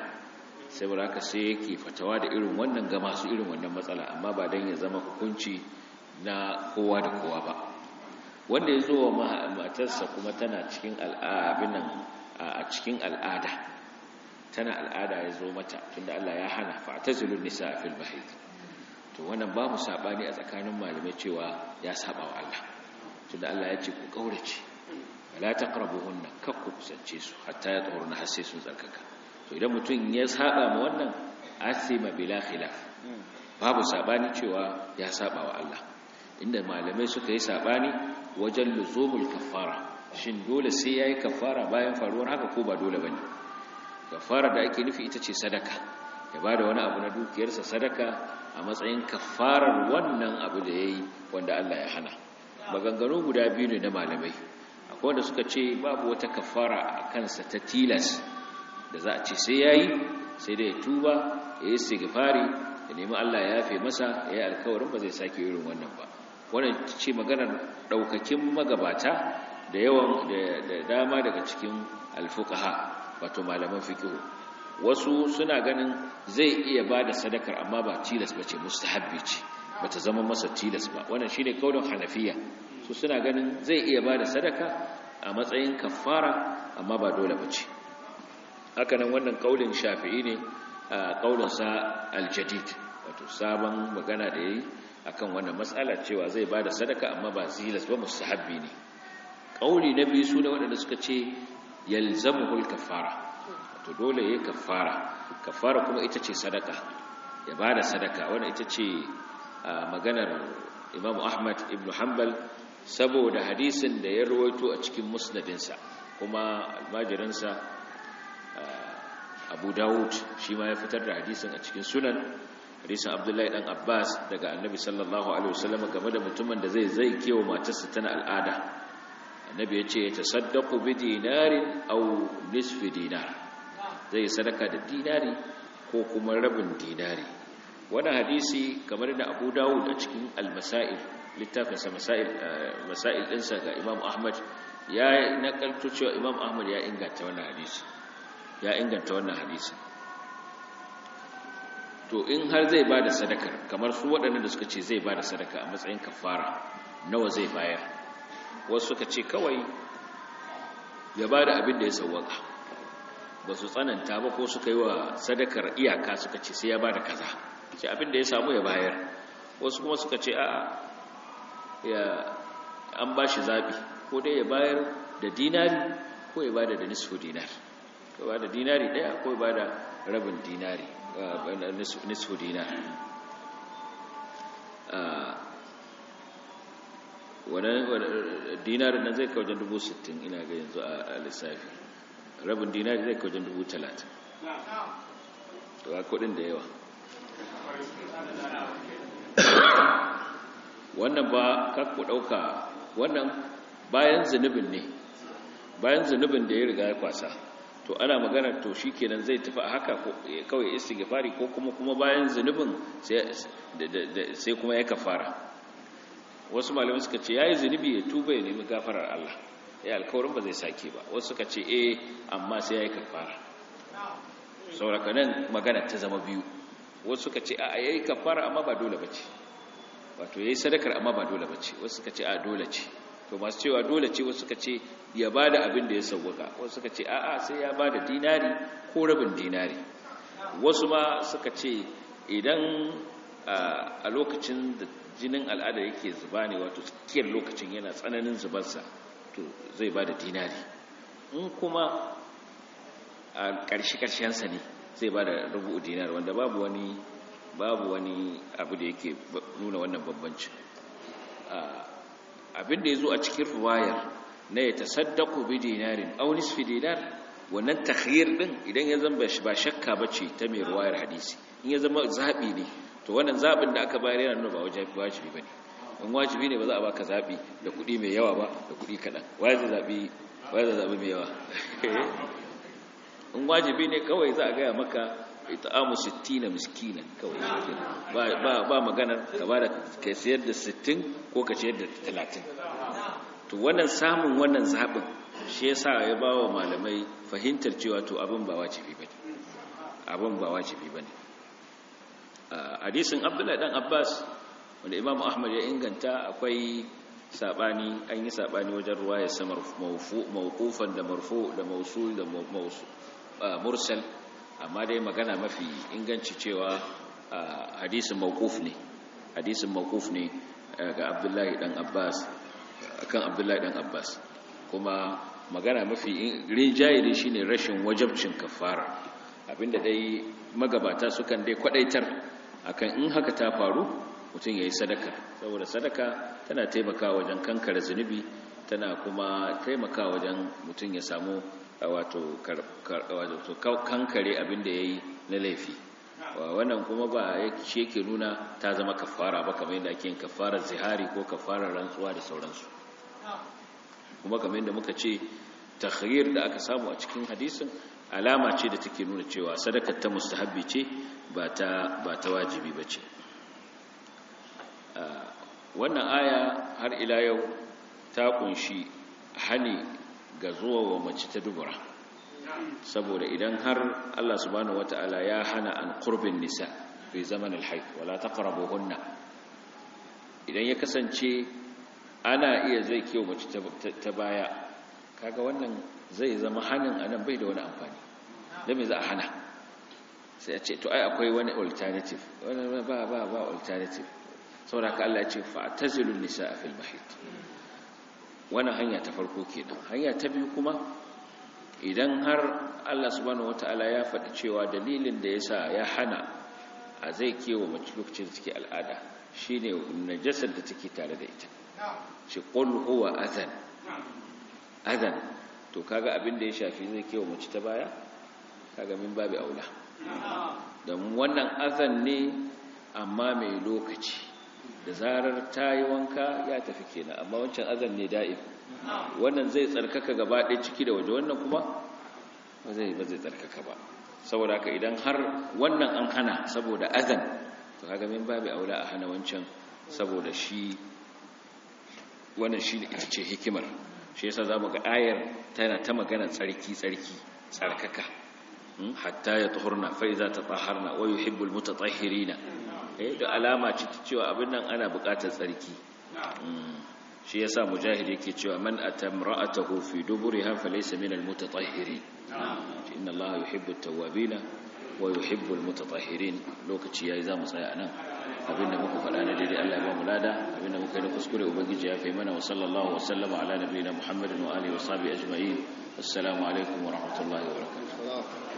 sai baraka sai yake fatawa da irin wannan ga masu irin wannan matsala amma ba dan ya zama hukunci na kowa da kowa ba wanda ya zo wa matarsa kuma tana cikin al'abinan a cikin al'ada tana al'ada ya zo mata tunda Allah ya hana fa nisa fil Baha'i, to wannan ba babu sabani a tsakanin malamai cewa ya saba wa Allah tunda Allah ya ce ku kaurace la taqrabuhunna kar ku kusance su hatta ya tsoron har sai sun tsarkaka to idan mutum ya saba ma wannan asima bila khilaf babu sabani cewa ya saba wa Allah inda malamai suka yi sabani wajen luzumul kaffara shin dole sai yayi kaffara bayan faruwar haka ko ba dole bane kaffara da ake nufi ita ce sadaka ya bada wani abu na dukiyarsa sadaka a matsayin kaffarar wannan abu da yayi wanda Allah ya hana maganganu guda biyu ne na malamai akwai wanda suka ce babu wata kafara a kansa ta tilas da za a ce sai ya yi sai da ya tuba ya yi sigifari da nemi allah ya fi masa ya yi alkawarin ba zai sake irin wannan ba wannan ce maganar ɗaukakin magabata da yawan da dama daga cikin alfukaha wato malaman fikihu wasu suna ganin zai iya ba da sadakar amma ba tilas ba ce mustahabbi ce ba ta zama masa tilas ba wannan shi ne kaunin hanafiya su suna ganin zai iya ba da sadaka a matsayin kafara amma ba dole ba ce hakanan wannan kaulin shafi'i ne a sa aljadid wato sabon magana da ya akan wannan matsala cewa zai ba da sadaka amma ba zilas ba musahabbi ne kauli na biyu su ne waɗanda suka ce yalzamuhul kafara wato dole ya kafara kafara kuma ita ce sadaka ya ba da sadaka wannan ita ce maganar Imam ahmad ibn hanbal saboda hadisin da ya rawaito a cikin musnadinsa kuma almajirinsa ah, abu dawud shi ma ya fitar da hadisin a cikin sunan hadisin abdullahi dan abbas daga annabi sallallahu alaihi wasallam game da mutumin da zai zai kewa matarsa tana al'ada annabi ya ce ya tasaddaqu bi dinarin aw nisfi dinar zai sadaka da dinari ko kuma rabin dinari wannan hadisi kamar da abu dawud a cikin al-masail littafinsa masail ɗinsa eh, ga imam ahmad ya nakalto cewa imam ahmad ya inganta wannan hadisi ya inganta wannan hadisi to in har zai ba da sadakar kamar su waɗannan da suka ce zai ba da sadaka a matsayin kafara nawa zai bayar wasu suka ce kawai ya ba da abin da ya sauwaka ba su tsananta ba ko suka yi wa sadakar iyaka suka ce sai ya ba da kaza ce abin da ya samu ya bayar wasu kuma suka ce a ya an ba shi zaɓi ko dai ya bayar da dinari ko ya bada da nisfu dinari ko ba da dinari ɗaya ko ya bada rabin dinari nisfu dinari dinari nan zai kawo jan dubu sittin ina ga yanzu a lissafi rabin dinari zai kawo jan dubu talatin to a kudin da yawa wannan ba kakku ɗauka wannan bayan zunubin ne bayan zunubin da ya riga ya kwasa to ana magana to shi kenan zai tafi a haka kawai istighfari ko kuma kuma bayan zunubin sai kuma ya kafara wasu malamai suka ce yayi zunubi ya tuba ya nemi gafarar Allah ya alkawarin ba zai sake ba wasu suka ce eh amma sai yayi kafara sauraka nan magana ta zama biyu wasu suka ce a yayi kafara amma ba dole ba ce. wato yayi sadakar amma ba dole bace wasu suka ce a dole ce to masu cewa dole ce wasu suka ce ya bada abin da ya sauka wasu suka ce a'a sai ya bada dinari ko rabin dinari wasu ma suka ce idan a lokacin da jinin al'ada yake zuba ne wato tsakiyar lokacin yana tsananin zubarsa to zai bada dinari in kuma a ƙarshe-ƙarshensa ne zai bada rubu dinari wanda babu wani babu wani abu da yake nuna wannan bambanci abinda ya zo a cikin ruwayar na ya tasaddaku bi dinarin aunis fi dinar wannan takhir din idan ya zama ba shakka bace ta mai ruwayar hadisi in ya zama zabi ne to wannan zabin da aka bayar yana nuna ba wajibi ne. in wajibi ne ba za a baka zabi da kuɗi mai yawa ba da kuɗi kaɗan Wajen zaɓi zabi zabi mai yawa [laughs] in wajibi ne kawai za a gaya maka it'amu 60 miskinan kawai shi ba ba magana ka ba da ka sayar da 60 ko ka sayar da 30 to wannan samun wannan zabin shi yasa ya ba wa malamai fahimtar cewa to abin ba wajibi bane abin ba wajibi bane hadisin Abdullahi dan Abbas wanda Imam Ahmad ya inganta akwai sabani an yi sabani wajen ya sa mawqufan da marfu da mausul da mursal amma dai magana mafi inganci cewa hadisin mawquf ne hadisin mawquf ne eh, ga Abdullahi dan Abbas akan Abdullahi dan Abbas kuma magana mafi rinjaye shine rashin wajabcin kafara abinda dai magabata sukan dai kwadaitar akan in haka ta faru mutum yayi sadaka saboda sadaka tana taimakawa wajen kankare zunubi tana kuma taimakawa wajen mutum ya samu wato kankare abin da ya yi na laifi wannan kuma ba ya yake nuna ta zama kafara ba kamar yadda ake yin kafarar zihari ko kafarar rantsuwa da sauransu kuma kamar yadda muka ce takhir da aka samu a cikin hadisin alama ce da take nuna cewa sadakar ta mustahabbi ce ba ta wajibi ba ce. wannan aya har ila yau ta kunshi hani ga zuwa wa mace ta dubura saboda idan har Allah subhanahu wata'ala ya hana an qurbin nisa fi zaman al-hayd wala taqrabuhunna idan ya kasance ana iya zai kiyo mace ta baya kaga wannan zai zama hanin anan bai da wani amfani da me za a hana sai a ce to ai akwai wani alternative wani ba ba ba alternative saboda haka Allah ya ce fa tazilun nisa fil mahid wannan hanya ta farko ke kenan hanya ta biyu kuma idan har Allah subhanahu ta'ala ya faɗi cewa dalilin da ya sa ya hana a zai kewa mace lokacin suke al'ada shi shine najasar da take tare da ita shi qul huwa azan, azan to kaga abin da ya shafi zai kewa mace ta baya kaga min babu aula don wannan azan ne amma mai lokaci da zarar ta yi wanka ya tafi kenan amma wancan azan ne da'im wannan zai tsarkaka gaba ɗaya ciki da waje wannan kuma ba zai tsarkaka ba saboda haka idan har wannan an hana saboda azan to kaga min babu aula a hana wancan saboda shi wannan shi ne ce hikimar shi yasa zamu ga ayar tana ta magana tsarki tsarki tsarkaka hmm? hatta ya tuhurna fa iza tatahharna wa yuhibbul mutatahhirina a eh, da alama ce ta cewa abin nan ana bukatar tsarki mm. shi yasa mujahid yake cewa man atamra'atahu fi duburiha falaysa min almutatahhirin inna allaha yuhibbu at-tawwabina wa yuhibbu almutatahhirin lokaci yayi zamu tsaya anan abinda muka faɗa na daidai Allah ya ba mu lada abinda muka yi na kuskure ubangiji ya kai mana wa sallallahu wa sallama ala nabiyina muhammadin wa alihi wa sahbihi ajma'in assalamu alaikum wa rahmatullahi wa barakatuh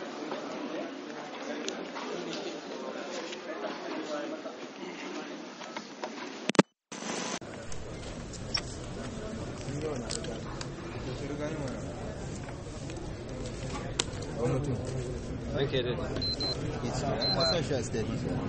That's